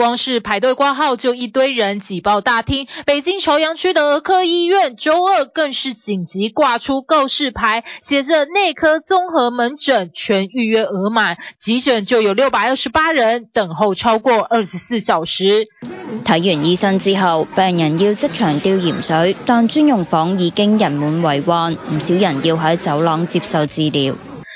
光是排隊掛號就一堆人擠爆大廳，北京朝陽區的兒科醫院週二更是緊急掛出告示牌，寫着內科綜合門診全預約額滿，急診就有六百二十八人等候超過二十四小時。睇完醫生之後，病人要即場吊鹽水，但專用房已經人滿為患，唔少人要喺走廊接受治療。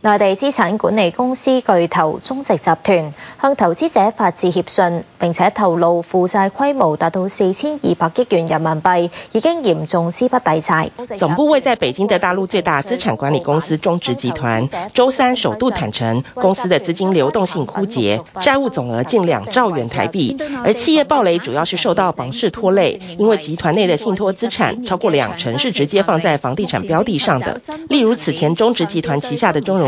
內地資產管理公司巨頭中植集團向投資者發致協信，並且透露負債規模達到四千二百億元人民幣，已經嚴重資不抵債。總部位在北京的大陸最大資產管理公司中植集團，週三首度坦承公司的資金流動性枯竭，債務總額近兩兆元台幣。而企業暴雷主要是受到房市拖累，因為集團內的信託資產超過兩成是直接放在房地產標的上的，例如此前中植集團旗下的中融。